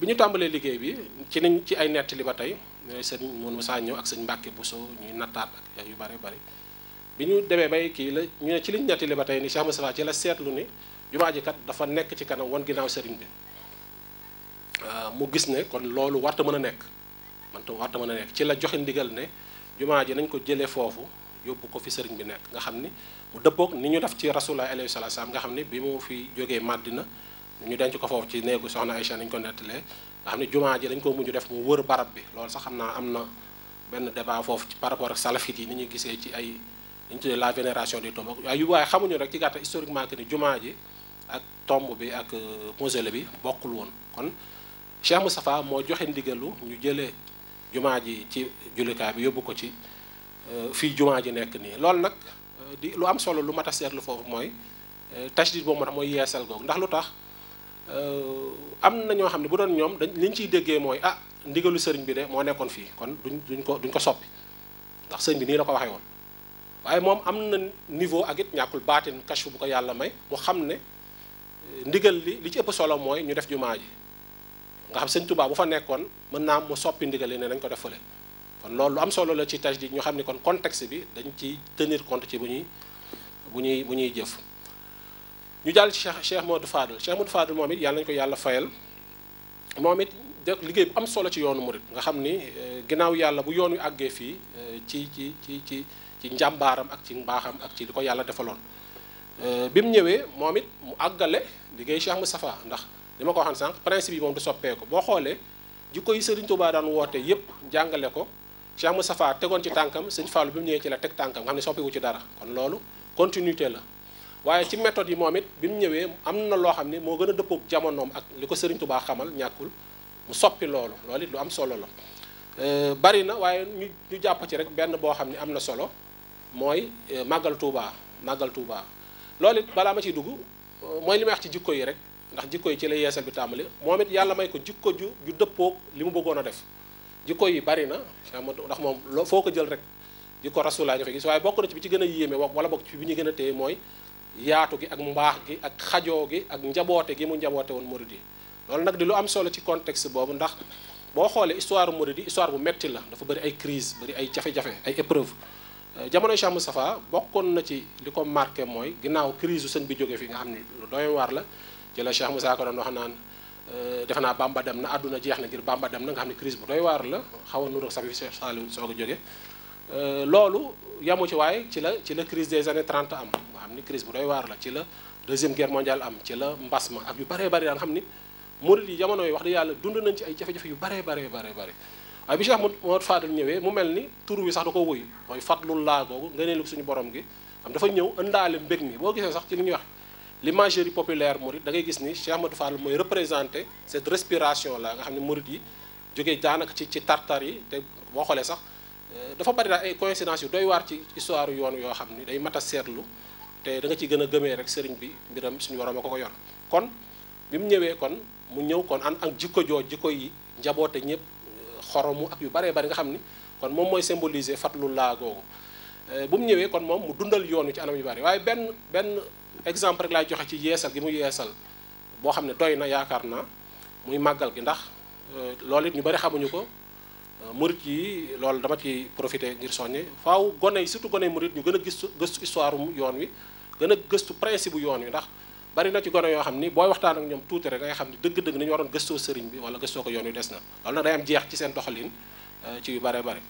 bi ñu tàmbalee liggéey bi ci lañ ci ay nettali ba tey sëñ Mounou Moussa ñëw ak sëñ Mbacke Bousso ñuy nattaat yu bari bari bi ñu demee bay kii la ñu ne ci liñ nettali ba tey ni Cheikh Moustapha ci la seetlu ni jumaa ji kat dafa nekk ci kanam wan ginnaaw sëriñ bi ah, mu gis ne kon loolu warta mën a nekk man tam warta mën a nekk ci la joxe ndigal ne jumaa ji nañ ko jëlee foofu yóbbu ko fi sëriñ bi nekk nga xam ni mu dëppoog ni ñu def ci rasulullah alayhi salaam nga xam ni bi mu fi jógee Madina ñu denc ko foofu ci néegu soxna Aïcha nañ ko nettalee nga xam ni jumaa ji dañ ko mujj def mu wër barab bi loolu sax xam naa am na benn débat foofu ci par rapport ak salafit yi ni ñu gisee ci ay li ñu tuddee la vénération des tombes waaye yu waaye xamuñu rek ci gàttal historiquement que ni jumaa ji tomb bi ak euh, mausolée bi bokkul woon kon Cheikh Moustapha moo joxe ñu jëlee jumaa ji ci jullikaay bi yóbbu ko ci euh, fii jumaa ji nekk nii loolu nag euh, di lu am solo lu mat a seetlu foofu mooy euh, tajdid boobu moo tax mooy yeesal googu ndax lu tax am na ñoo xam ne bu doon ñoom dañ liñ ciy déggee mooy ah ndigalu sëriñ bi de moo nekkoon fii kon duñ duñ ko duñ ko soppi ndax sëriñ bi nii la ko waxee woon waaye moom am na niveau ak it ñàkkul baatin kashfu bu ko yàlla may mu xam ne ndigal li li ci ëpp solo mooy ñu def jumaa ji nga xam sëñ Touba bu fa nekkoon mën naa mu soppi ndigal yi ne nañ ko def fële kon loolu am solo la ci di ñu xam ni kon contexte bi dañ ci tenir compte ci bu ñuy bu ñuy bu ñuy jëf ñu jàll ci Cheikh Cheikh Modou Fadel Cheikh Modou moo moom it yàlla nañu ko yàlla fayal moom it liggéey bu am solo ci yoonu murit nga xam ni eh, ginnaaw yàlla bu yoon wi àggee fii eh, ci ci ci ci ci njàmbaaram ak ci mbaaxam ak ci li ko yàlla defaloon eh, bi mu ñëwee moom it mu àggale liggéey Cheikh Moustapha ndax li ma ko waxoon sànq principe yi moom du soppeeku boo xoolee jikko yi Serigne Touba daan wootee yépp jàngale ko Cheikh Moustapha tegoon ci tànkam Serigne Fallou bi mu ñëwee ci la teg tànkam nga xam ne soppiwu ci dara kon loolu continuité la waaye ci méthode yi moom it bi mu ñëwee am na loo xam ne moo gën a dëppoog jamonoom ak li ko Serigne Touba xamal ñàkkul mu soppi loolu loolu it lu am solo la euh, bari na waaye ñu ñu jàpp ci rek benn boo xam ne am na solo mooy euh, màggal Touba màggal Touba loolu balaa ma ciy dugg euh, mooy li may wax yi rek ndax jikko yi ci la yeesal bi tàmbali moom it yàlla may ko jikko ju ju dëppoog li mu bëggoon a def jikko yi bari na ndax moom loo foo ko jël rek jikko rasulaa ñu fa gis waaye bokk ci bi ci gën a yéeme wala bokk ci bi ñu gën a téye mooy yaatu gi ak mbaax gi ak xajoo gi ak njaboote gi mu njaboote woon murid yi loolu nag di lu am solo ci contexte boobu ndax boo xoolee histoire murid yi histoire bu la dafa bëri ay crise bëri ay jafe-jafe ay euh, jamono Cheikh Moustapha bokkoon na ci li ko marqué mooy ginnaaw crise u sëñ bi jóge fii nga xam ni lu doy waar la ci la Cheikh Moussa ko doon wax naan euh, defe naa Bamba dem na àdduna jeex na ngir Bamba dem na nga xam ne crise bu doy waar la xaw a nuroog sa fi Cheikh Saliou soog a jóge euh, loolu yamu ci waaye ci la ci la crise des années 30 am nga xam ni crise bu doy waar la ci la deuxième guerre mondiale am ci la mbas ma ak yu bare bari daan xam ni murid yi jamono yi wax dëgg yàlla dund nañ ci ay jafe-jafe yu baree baree baree bare waaye bi Cheikh Mouhamed ñëwee mu mel ni tur wi sax da ko wuy mooy fadlul laa googu nga nee borom gi am dafa ñëw ëndaale mbég mi boo gisee sax ci li ñuy wax l'imagerie populaire mouride da ngay gis ni Cheikh Ahmadou Fall mooy représenté cette respiration la nga xam ne mouride yi jógee daanaka ci ci tartar yi te boo xoolee sax euh, dafa bari daal ay coïncidence yu doy waar ci histoire yoon yoo xam ni day mat a seetlu te da nga ciy gën a gëmee rek sëriñ bi mbiram suñu waroom a ko ko yor kon bi mu ñëwee kon mu ñëw kon an ak jikko joo jikko yi njaboote ñëpp euh, xoromu ak yu baree bari nga xam ni kon moom mooy symboliser fatlu laa googu euh, bu mu ñëwee kon moom mu dundal yoon wi ci anam yu bari waaye benn benn exemple rek laay joxe ci yeesal gi mu yeesal boo xam ne doy na yaakaar na muy màggal gi ndax euh, lool it ñu bari xamuñu ko euh, murit yi loolu dama ci profité ngir soññe faaw gone yi surtout gone yi murit ñu gën a gëstu gëstu histoire yoon wi gën a gëstu principe bu yoon wi ndax bari na ci gone yoo xam ni booy waxtaan ak ñoom tuuti rek nga xam ne dëgg-dëgg ni ñu waroon gëstoo sëriñ bi wala gëstoo ko yoon wi des na loolu nag day am jeex ci seen doxalin euh, ci yu bare bare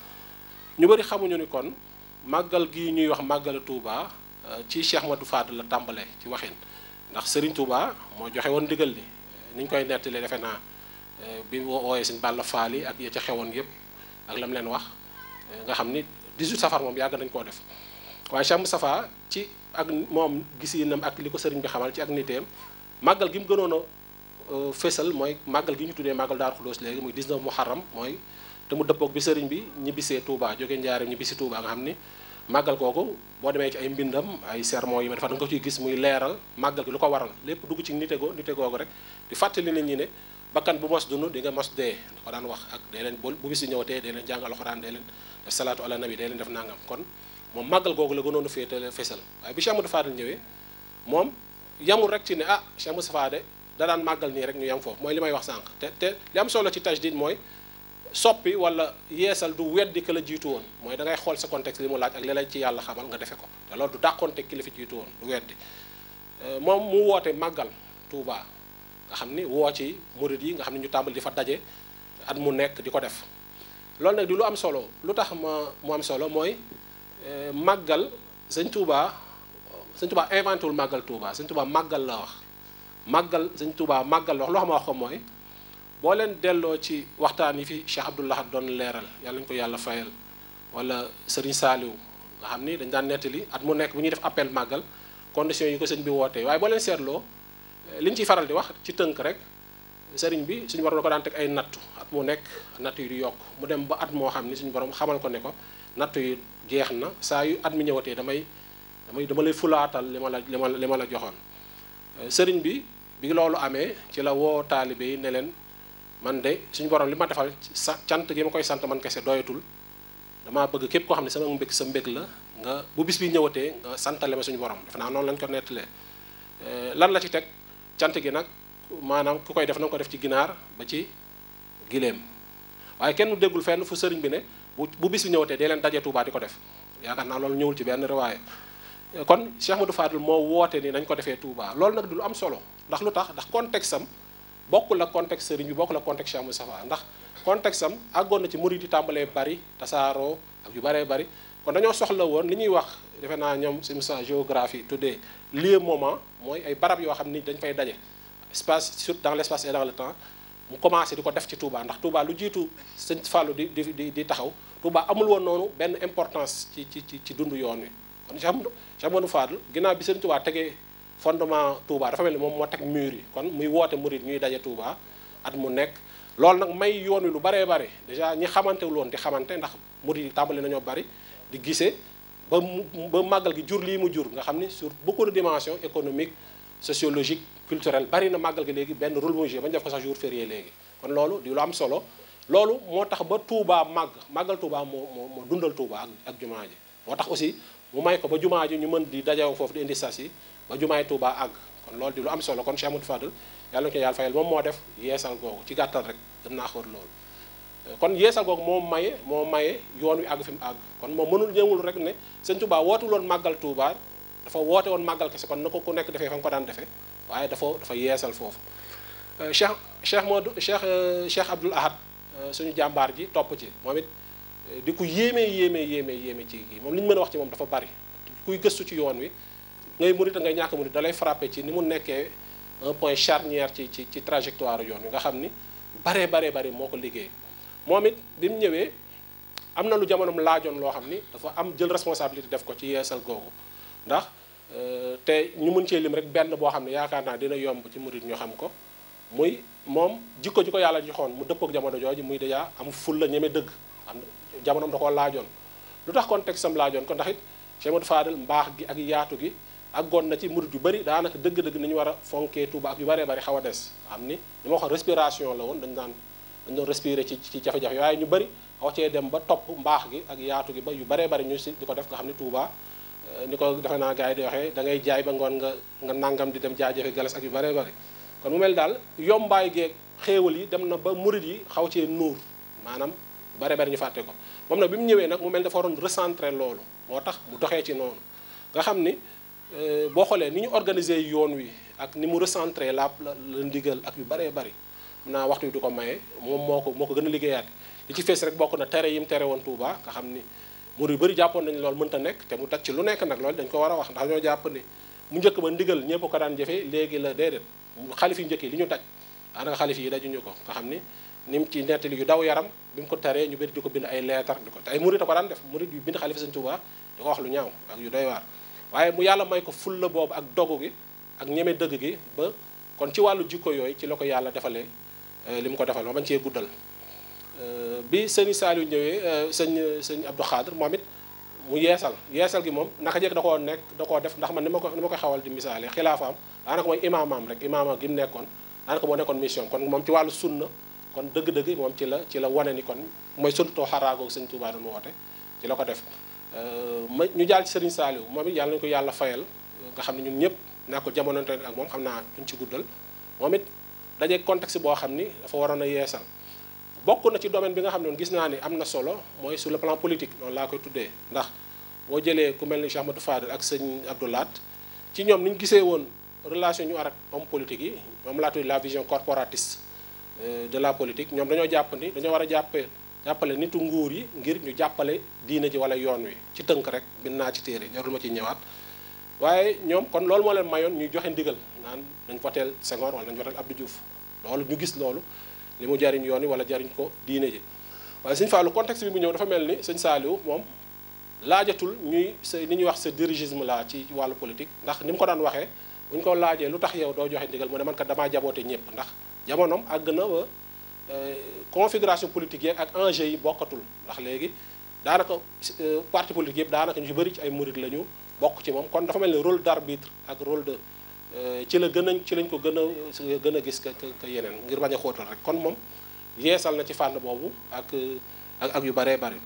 ñu bari xamuñu ni kon màggal gi ñuy wax màggala Touba Euh, ci Cheikh du Fadl la tàmbalee ci waxin ndax Serigne Touba moo joxe woon ndigal li ni ñu koy nettali defe naa euh, bi wooyee suñu Balla Faal yi ak ya ca xewoon yëpp ak lam leen wax euh, nga xam ni 18 safar moom yàgg nañ koo def waaye Cheikh Moustapha ci ak moom gis gisinam ak li ko sëriñ bi xamal ci ak niteem màggal gi mu gënoon a mooy màggal gi ñu tuddee màggal Daaru Xudoos léegi muy 19 Muharram mooy te mu dëppoog bi sëriñ bi ñibbisee Touba jógee Njaareem ñibbisi Touba nga xam ni màggal googu boo demee ci ay mbindam ay sermon yi ma dafa da nga ko ciy gis muy leeral màggal gi lu ko waral lépp dugg ci nite go nite googu rek di fàttali nit ñi ne bakkan bu mos dund di nga mos dee da ko daan wax ak day leen bu bis di ñëwatee day leen jàng alxuraan day leen def salaatu ala nabi def nangam kon moom màggal googu la gënoon a féetale fesal waaye bi Cheikh Amadou Fadel ñëwee moom yamul rek ci ne ah Cheikh Moustapha de da daan màggal nii rek ñu yam foofu mooy li may wax sànq te te li solo ci tajdid mooy soppi wala yeesal du weddi ki la jiitu woon mooy dangay xool sa contexte li mu laaj ak li lay ci yàlla xamal nga defe ko te loolu du dàqoonte ki la fi jiitu woon du weddi euh, moom mu woote màggal Touba nga xam ni woo ci murid yi nga xam ne ñu tàmbali di fa daje at mu nekk di ko def loolu nag di lu am solo lu tax ma mu am solo mooy euh, màggal sëñ Touba sëñ Touba inventé wul màggal Touba sëñ Touba màggal la wax màggal sëñ Touba màggal la wax loo xam ma wax ko mooy boo leen delloo ci waxtaan yi fi Cheikh Abdou Lahad doon leeral yàlla ñu ko yàlla fayal wala sëriñ Saliou nga xam ni dañ daan nettali at mu nekk bu ñuy def appel màggal conditions yi ko sëñ bi wootee waaye boo leen seetloo li ñu ciy faral di wax ci tënk rek sëriñ bi suñu borom da ko daan teg ay nattu at mu nekk nattu yi di yokk mu dem ba at moo xam ni suñu boroom xamal ko ne ko nattu yi jeex na saa yu at mi ñëwatee damay damay dama lay fulaatal li ma la li ma li ma la joxoon bi bi amee ci la woo taalibe yi leen man de suñu borom li ma defal sa cant gi ma koy sant man kese doyatul damaa bëgg képp koo xam ne sama mbég sa mbég la nga bu bis bi ñëwatee nga santale ma suñu borom defe naa noonu lañ ko nettalee euh, lan la ci teg cant gi nag maanaam ku koy def na ko def ci ginaar ba ci gileem waaye kenn déggul fenn fu sëriñ bi ne bu bu bis bi ñëwatee dee leen daje di ko def yaakaar naa loolu ñëwul ci benn riwaaye euh, kon Cheikh Modou Fadil moo woote ni nañ ko defee tuubaa loolu nag du lu am solo ndax lu tax ndax teg sam bokk la contexte sëriñ bi bokk la contexte Cheikh Moustapha ndax contexte am àggoon na ci murid yi tàmbalee bari tasaaroo ak yu baree bari kon dañoo soxla woon li ñuy wax defe naa ñoom si sa géographie tuddee lieu moment mooy ay barab yoo xam ni dañ fay daje espace surtout dans l' espace et dans le temps mu commencé di ko def ci Touba ndax Touba lu jiitu sëñ Fallou di di di taxaw Touba amul woon noonu benn importance ci ci ci dund yoon wi kon Cheikh Cheikh bi sëñ Touba tegee fondement Touba dafa mel ni moom moo teg mur yi kon muy woote murit ñuy daje Touba at mu nekk loolu nag may yoon wi lu baree bare dèjà ñi xamantewul woon di xamante ndax murit yi tàmbali nañoo bari di gise ba ba màggal gi jur lii mu jur nga xam ni sur beaucoup de dimensions économiques sociologiques culturelles bari na màggal gi léegi benn rôle mu joué ba ñu def ko sax jour férié léegi kon loolu di lu am solo loolu moo tax ba Touba màgg màggal Touba moo moo moo dundal Touba ak jumaa ji moo tax aussi mu may ko ba jumaa ji ñu mën di dajew foofu di indi ba jumaay Touba àgg kon loolu di lu am solo kon Cheikh Amadou Fadel yàlla na ko yàlla fayal moom moo def yeesal googu ci gàttal rek gën naa xóot loolu kon yeesal googu moom maye moo maye yoon wi àgg fi mu àgg kon moom mënul ñëwul rek ne sëñ Touba wootul woon màggal Touba dafa woote woon màggal kese kon na ko ku nekk defee fa nga ko daan defee waaye dafa dafa yeesal foofu euh, Cheikh Cheikh Modou Cheikh euh, Cheikh Abdoul Ahad euh, suñu jàmbaar ji topp ci moom it di ku yéeme yéeme yéeme yéeme ci kii moom li mën a wax ci moom dafa bari kuy gëstu ci yoon wi ngay murit a ngay ñàkk murit da lay frappé ci ni mu nekkee un point charnière ci ci ci trajectoire yoon wi nga xam ni baree baree bari moo ko liggéey moom it bi mu ñëwee am na lu jamonom laajoon loo xam ni dafa am jël responsabilité def ko ci yeesal googu ndax euh, te ñu mën cee lim rek benn boo xam ne yaakaar naa dina yomb ci murit ñu xam ko muy moom jikko ji ko yàlla joxoon mu dëppook jamono jooju muy dajaa am ful la ñeme dëgg am jamonoom da koo laajoon lu tax contexte am laajoon ko ndax it Cheikh Modou mbaax gi ak yaatu gi ak àggoon na ci murit yu bëri daanaka dëgg-dëgg nañu war a fonkee Touba ak yu bëree bëri xaw a des am ni li ma waxoon respiration la woon dañu daan dañu doon ci ci jafe-jafe ñu bëri xaw cee dem ba topp mbaax gi ak yaatu gi ba yu bëree bëri ñu si di ko def nga xam ne Touba eh, ni ko defe naa gars yi di waxee da ngay jaay ba ngoon nga nga nangam di dem jaajëfe galas ak yu bëree bëri kon mu mel daal yombaay geeg xéewal yi dem na ba murit yi xaw ci nuur maanaam bare bare ñu fàtte ko moom nag bi mu ñëwee nag mu mel dafa waroon recentrer loolu moo tax mu doxee ci noonu nga xam ni Euh, boo xoolee ni ñu organiser yoon wi ak ni mu recentrer la la ndigal ak yu bare bëri mun naa waxtu wi du ko maye moom moo ko moo ko gën a liggéeyaat li ci fees rek bokk na tere yi mu tere woon Touba nga xam ni mur yu jàppoon nañu loolu mënta nekk te mu daj ci lu nekk nag loolu dañ ko war a wax ndax ñoo jàpp ni mu njëkk ba ndigal ñëpp ko daan jëfe léegi la déedéet xalif yi njëkk yi li ñu daj daanaka xalif yi dajuñu ko nga xam ni ni mu ci nettali yu daw yaram bi mu ko taree ñu bëri di ko bind ay leetar di ko te ay murit a def murit yu bind xalifa Sëñ Touba wax lu ñaaw ak yu doy waaye mu yàlla may ko fulla boobu ak dogu gi ak ñeme dëgg gi ba kon ci wàllu jikko yooyu ci la ko yàlla defalee euh, li mu ko defal ma bañ cee guddal euh, bi sëñ Saliou ñëwee euh, sëñ sëñ Abdou Khadre moom it mu yeesal yeesal gi moom naka jekk da koo nekk da koo def ndax man ni ma ko ni ma ko xawal di misaalee xilaafaam ko mooy imaamaam rek imaamaam gi mu nekkoon daanaka moo nekkoon mission kon moom ci wàllu sunna kon dëgg-dëgg moom ci la ci la wane ni kon mooy sunnatoo xaraagoog sëñ Tuubaa woote ci la ko def ma ñu jàll ci Serigne Saliou moom it yàlla nañu ko yàlla fayal nga xam ne ñun ñëpp naa ko jamononte ak moom xam naa duñ ci guddal moom it dajee contexte boo xam ni dafa waroon a yeesal bokk na ci domaine bi nga xam ne gis naa ni am na solo mooy sur le plan politique noonu laa koy tuddee ndax boo jëlee ku mel ni Cheikh Ahmadou ak sëñ Abdou ci ñoom ni ñu gisee woon relation ñu ar ak homme politique yi moom laa tudd la vision corporatiste euh, de la politique ñoom dañoo jàpp dañoo war a jàppee jàppale nitu nguur yi ngir ñu jàppale diina ji wala yoon wi ci tënk rek bind naa ci téere jarul ma ci ñëwaat waaye ñoom kon loolu moo leen mayoon ñuy joxe ndigal naan nañ voteel Senghor wala nañ voteel Abdou Diouf loolu ñu gis loolu li mu jariñ yoon wi wala jariñ ko diine ji waaye sëñ Fallou contexte bi mu ñëw dafa mel ni sëñ Saliou moom laajatul ñuy sa ni ñu wax sa dirigisme laa ci wàllu politique ndax ni mu ko daan waxee bu ñu ko laajee lu tax yow doo joxe ndigal mu ne man kat damaa jaboote ñëpp ndax jamonoom àgg na Euh, configuration politique yeeg ak enjeu yi bokkatul ndax léegi daanaka euh, parti politique yëpp daanaka ñu bari ci ay murit la ñu bokk ci moom kon dafa mel ni rôle d' arbitre ak rôle de euh, ci la gën a ci lañ ko gën a gën a gis ka ka yeneen ngir bañ a xóotal rek kon moom yeesal na ci fànn boobu ak ak ak yu baree bare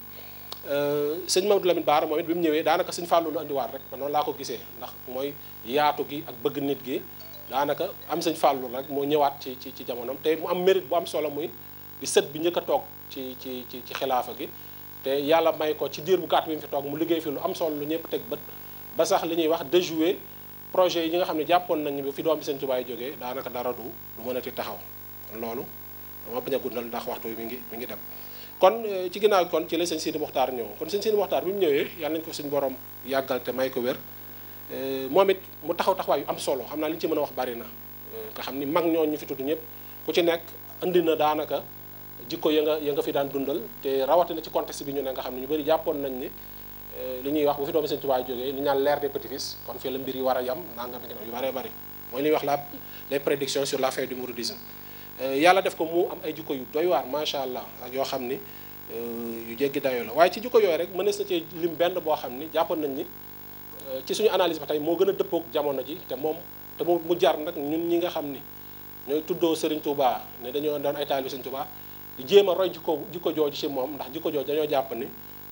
sëñ Mamadou Lamine Baara moom it bi mu ñëwee daanaka sëñ Fallou lu andiwaat rek man noonu laa ko gisee ndax mooy yaatu gi ak bëgg nit gi daanaka am sëñ Fallou rek moo ñëwaat ci ci ci jamonoom te mu am mérite bu am solo muy di sët bi njëkk a toog ci ci ci ci xilaafa gi te yàlla may ko ci diir bu gàtt bi mu fi toog mu liggéey fii lu am solo lu ñëpp teg bët ba sax li ñuy wax déjouer projet yi ñu nga xam ne jàppoon nañu bi fi doom bi sëñ Tuubaa jógee daanaka dara du du mënati taxaw kon loolu dama bañ a guddal ndax waxtu mi ngi mi ngi dem kon ci ginnaaw kon ci la sëñ Sidi Mokhtar ñëw kon sëñ Sidi Mokhtar bi mu ñëwee yàlla nañ ko suñu borom yàggal te may ko wér Euh, moom it mu taxaw taxawaay yu am solo xam naa li ñu ci mën a wax bari na euh, nga xam ni mag ñooñu ñu fi tuddu ñëpp ku ci nekk indi na daanaka jikko ya nga ya nga fi daan dundal te rawatina ci contexte bi ñu ne nga xam ne ñu bëri jàppoon nañ ni euh, li ñuy wax bu fi doomu Sëñ Tuubaa jógee li leer des petits fils mbir yi war a yam nanga mi yu bëree bëri mooy wax la les prédictions la fin du mouridisme yàlla def ko mu am ay jikko yu doy waar macha allah ak yoo xam ni yu jéggi dayoo la waaye ci jikko yooyu rek mënees na ci lim benn boo xam ni jàppoon nañ ni ci suñu analyse ba tey moo gën a dëppoog jamono ji te moom te mu mu jar nag ñun ñi nga xam ni ñooy tuddoo Serigne Touba ne dañoo daan ay taalibe sëñ Touba di jéem a roy jikko jikko jooju ci moom ndax jikko jooju dañoo jàpp ni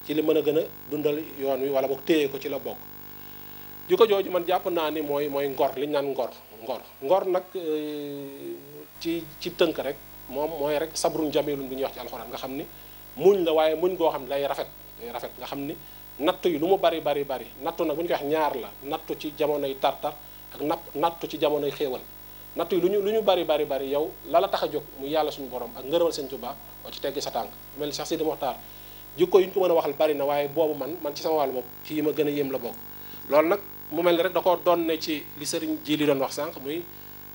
ci li mën a gën a dundal yoon wi wala boog téye ko ci la bokk jikko jooju man jàpp naa ni mooy mooy ngor li naan ngor ngor ngor nag euh, ci ci tënk rek moom mooy rek sabrun jamilun bu ñuy wax ci alxuraan nga xam ni muñ la waaye muñ goo xam ne day rafet day rafet nga xam ni nattu yi lu mu bari bari bari nattu nag bu ñu ko wax ñaar la nattu ci jamonoy tartar ak napp nattu ci jamonoy xéewal nattu yi lu ñu lu ñu bari bari bari yow la la tax a jóg mu yàlla suñu borom ak ngërëmal sëñ Tuubaa oo sa tànk mel ni Cheikh Sidi Mokhtar jikko yi ñu a waxal bari na waaye boobu man man ci sama wàllu bopp fii ma gën a yéem la bokk loolu nag mu mel ni rek da ko doon ne ci li sëriñ ji li doon wax sànq muy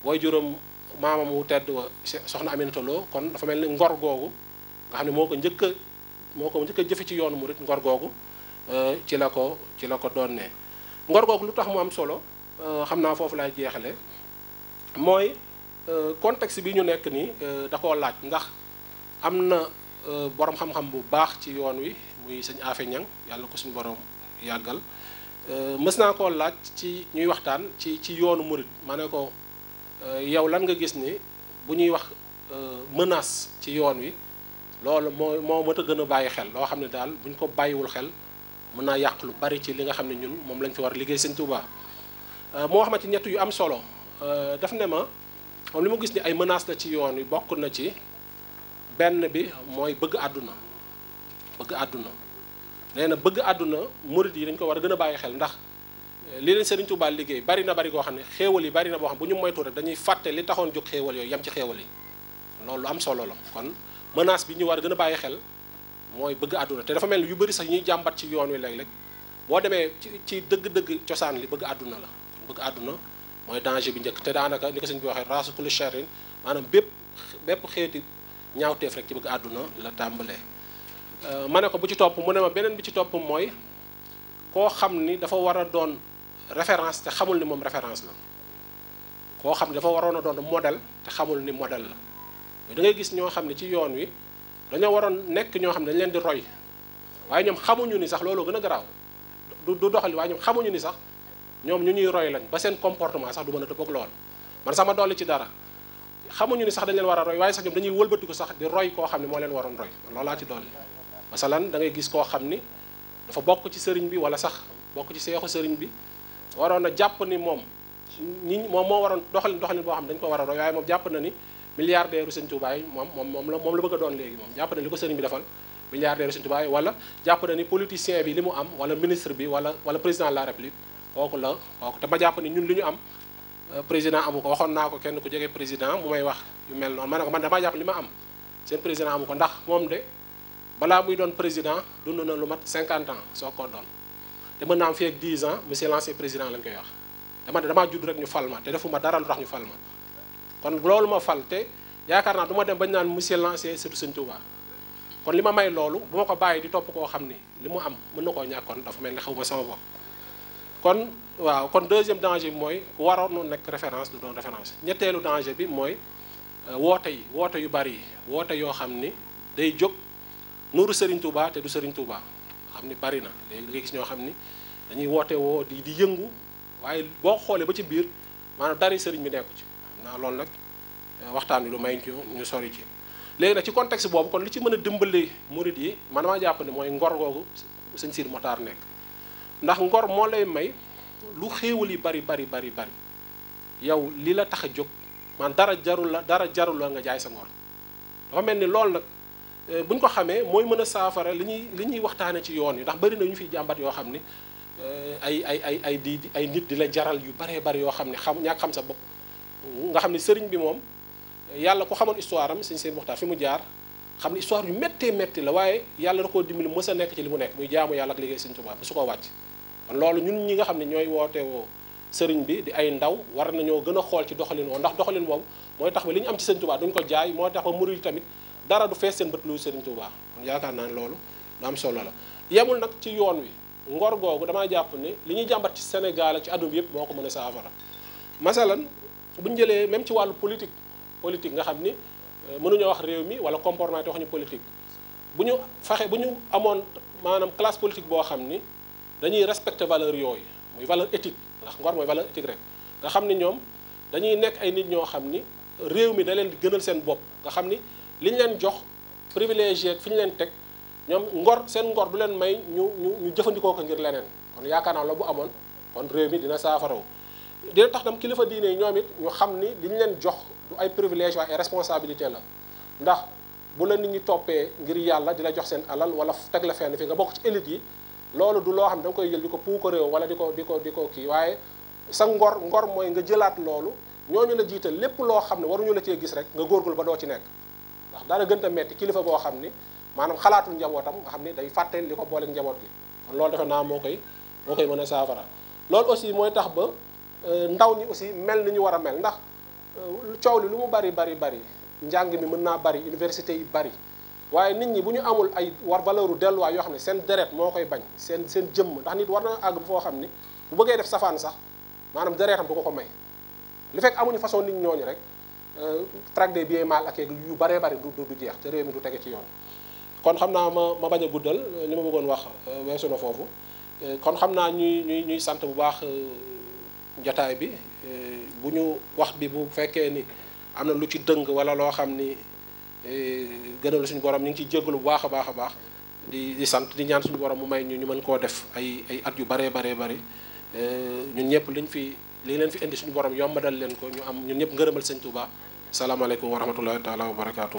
way juróom maamam mu tedd wa soxna Aminata Lo kon dafa mel ni ngor googu nga xam ne moo ko njëkk moo ko njëkk jëfe ci yoonu murit ngor googu Euh, ci la ko ci la ko doon ne ngor lu tax mu am solo euh, xam naa foofu laay jeexale mooy euh, contexte bi ñu nekk nii da koo laaj ndax am na borom xam-xam bu baax ci yoon wi muy sëñ Afe Ñang yàlla ko suñu borom yàggal mës naa koo laaj ci ñuy waxtaan ci ci yoonu murit ma ne ko yow lan nga gis ni bu ñuy wax menace ci yoon wi loolu moo moo mën a gën a bàyyi xel loo xam ne daal buñ ko bàyyiwul xel mën naa yàq lu bari ci li nga xam ne ñun moom lañ fi war liggéey sëñ Touba euh, moo wax ma ci ñett yu am solo euh, daf ne ma moom li ma gis ni ay menaces la ci yoon wi bokk na ci benn bi mooy bëgg àdduna bëgg àdduna nee na bëgg àdduna murid yi dañ ko war a gën a bàyyi xel ndax euh, li leen Serigne Touba liggéey bari na bari goo xam ne xéewal yi bari na boo xam bu ñu moytu rek dañuy fàtte li taxoon jóg xéewal yooyu yem ci xéewal yi loolu am solo la kon menace bi ñu war a gën a bàyyi xel mooy bëgg àdduna te dafa mel yu bëri sax ñuy jàmbat ci yoon wi léeg-léeg boo demee ci ci dëgg-dëgg cosaan li bëgg àdduna la bëgg àdduna mooy danger bi njëkk te daanaka ni ko sëñ bi waxee raasu kulli sharrin maanaam bépp bépp xeeti ñaawteef rek ci bëgg àdduna la tàmbalee euh, ma ne ko bu ci topp mu ne ma beneen bi ci topp mooy koo xam ni dafa war a doon référence te xamul ni moom référence la koo xam ni dafa waroon a doon modèle te xamul ni modèle la da ngay gis ñoo xam ne ci yoon wi dañoo waroon nekk ñoo xam ne dañ leen di roy waaye ñoom xamuñu ni sax loolu gën a garaaw du du doxali waaye ñoom xamuñu ni sax ñoom ñu ñuy roy lañ ba seen comportement sax du mën a dëppoog lool man sama dolli ci dara xamuñu ni sax dañ leen war a roy waaye sax ñoom dañuy wëlbati ko sax di roy koo ne moo leen waroon roy loolaa ci dolli masalan da ngay gis koo xam ni dafa bokk ci sëriñ bi wala sax bokk ci seexu sëriñ bi waroon a jàpp ni moom ñi moom moo waroon doxalin doxalin boo xam ne ko war a roy waaye moom jàpp na ni milliardaire u sëñ Tuubaa yi moom moom la moom la bëgg a doon léegi moom jàpp na li ko sëriñ bi defal milliardaire u sëñ Tuubaa jàpp na ni politicien bi li mu am wala ministre bi wala wala président de la république kooku la kooku te ma jàpp ni ñun li ñu am euh, président amu ko waxoon naa ko kenn ku jege président mu may wax yu mel noonu ma ne ko man damaa jàpp li ma am seen président amu ko ndax moom de balaa muy doon président dund na lu mat 50 ans soo ko doon te mën naa am fii ak 10 ans président lañ koy wax dama ne damaa rek ñu fal ma te defuma dara lu ñu fal ma kon loolu ma fal te yaakaar naa du dem bañ naan monsieur l'ancien surtout sëñ Touba kon li ma may loolu bu ma ko bàyyi di topp koo xam ni li mu am mën na koo ñàkkoon dafa mel ni xaw ma sama bopp kon waaw kon deuxième danger bi mooy waroon nekk référence du doon référence ñetteelu danger bi mooy euh, woote yi yu bari yi yoo xam ni day jóg nuuru Serigne Touba te du Serigne Touba xam ni bari na léegi nga gis ñoo xam ni dañuy woote woo di di yëngu waaye boo xoolee ba ci biir maanaam dara Serigne bi nekku ci xam naa loolu nag waxtaan wi lu may ñu ñu sori ci léegi nag ci contexte boobu kon li ci mën a dimbali murid yi man maa jàpp ne mooy ngor googu sëñ Sidi Moxtaar nekk ndax ngor moo lay may lu xéewal yi bari bari bari bari yow li la tax a jóg man dara jarul la dara jarul la nga jaay sa ngor dafa mel ni loolu nag eh, buñ ko xamee mooy mën a saafara li ñuy li ñuy waxtaane ci yoon yi ndax bari na ñu fiy jàmbat yoo xam ni eh, ay ay ay ay di ay nit di la jaral yu baree bari yoo xam ne xam xam sa bopp nga xam ne sëriñ bi moom yàlla ko xamoon histoire am sëñ Seydi Muxtaar fi mu jaar xam ne histoire yu méttee métti la waaye yàlla da koo dimbali mës a nekk ci li mu nekk muy jaamu yàlla ak liggéey sëñ Tuubaa ba su ko wàcc kon loolu ñun ñi nga xam ne ñooy wootewoo sëriñ bi di ay ndaw war nañoo gën a xool ci doxalin woo ndax doxalin moom mooy tax ba li ñu am ci sëñ Tuubaa ko jaay mooy tax ba murid tamit dara du fees seen bët lu sëriñ Tuubaa kon yaakaar naa ne loolu am solo la yemul nag ci yoon wi ngor googu damaa jàpp ni li ñuy jàmbat ci Sénégal ak ci àdduna bi yëpp moo ko mën a saafara masalan bu ñu jëlee même ci wàllu politique politique nga xam ni euh, mënuñoo wax réew mi wala comportement waxuñu politique bu ñu faxe bu ñu amoon maanaam classe politique boo xam ni dañuy respecter valeur yooyu muy valeur éthique ndax ngor mooy valeur éthique rek nga xam ni ñoom dañuy nekk ay nit ñoo xam ni réew mi da leen di gënal seen bopp nga xam ni li ñu leen jox privilégié fi ñu leen teg ñoom ngor seen ngor du leen may ñu ñu ñu jëfandikoo ko ngir leneen kon yaakaar naa bu amoon kon réew dina saafaraw dina tax tam kilifa diine yi ñoom it ñu xam ni li ñu leen jox du ay privilège waaye responsabilité la ndax bu la nit ñi toppee ngir yàlla di la jox seen alal wala teg la fenn fi nga bokk ci élite yi loolu du loo xam ne da koy jël di ko puu ko réew wala di ko di di ko kii waaye sa ngor ngor mooy nga jëlaat loolu ñoo ñooñu la jiital lépp loo xam ne waruñu la cee gis rek nga góorgul ba doo ci nekk ndax daana gën a metti kilifa boo xam ni maanaam xalaatul njabootam nga xam ni day fàtte li ko booleeg njaboot bi kon loolu defe naa moo koy moo koy mën a saafara Euh, ndaw ñi aussi mel ni ñu war a mel ndax euh, coow li lu mu bari bari bari njàng mi mën naa bari université yi bari waaye nit ñi bu ñu amul ay war valeuru delluwaay yoo xam ne seen deret moo koy bañ seen seen jëmm ndax nit war na àgg foo xam ni bu bëggee def safaan sax maanaam deretam du ko ko may lu fekk amuñu façon nit ñooñu rek euh, traque des biens mal acquis yu baree bari du du jeex te réew mi du tege ci yoon kon xam naa ma ma bañ a guddal li ma bëggoon wax weesu na foofu kon xam naa ñuy ñuy sant bu baax jotaay bi eh, bu ñu wax bi bu fekkee ni am na lu ci dëng wala loo xam ni eh, gënalu suñu borom ñu ngi ciy jégalu bu baax a baax a baax di di sant di ñaan suñu borom mu may ñu ñu mën koo def ay ay at yu baree baree bari eh, ñun ñëpp liñ fi li leen fi indi suñu borom yombadal leen ko ñu am ñun ñëpp ngërëmal sëñ Tuubaa salaamaaleykum wa rahmatullahi taala wa barakaatu.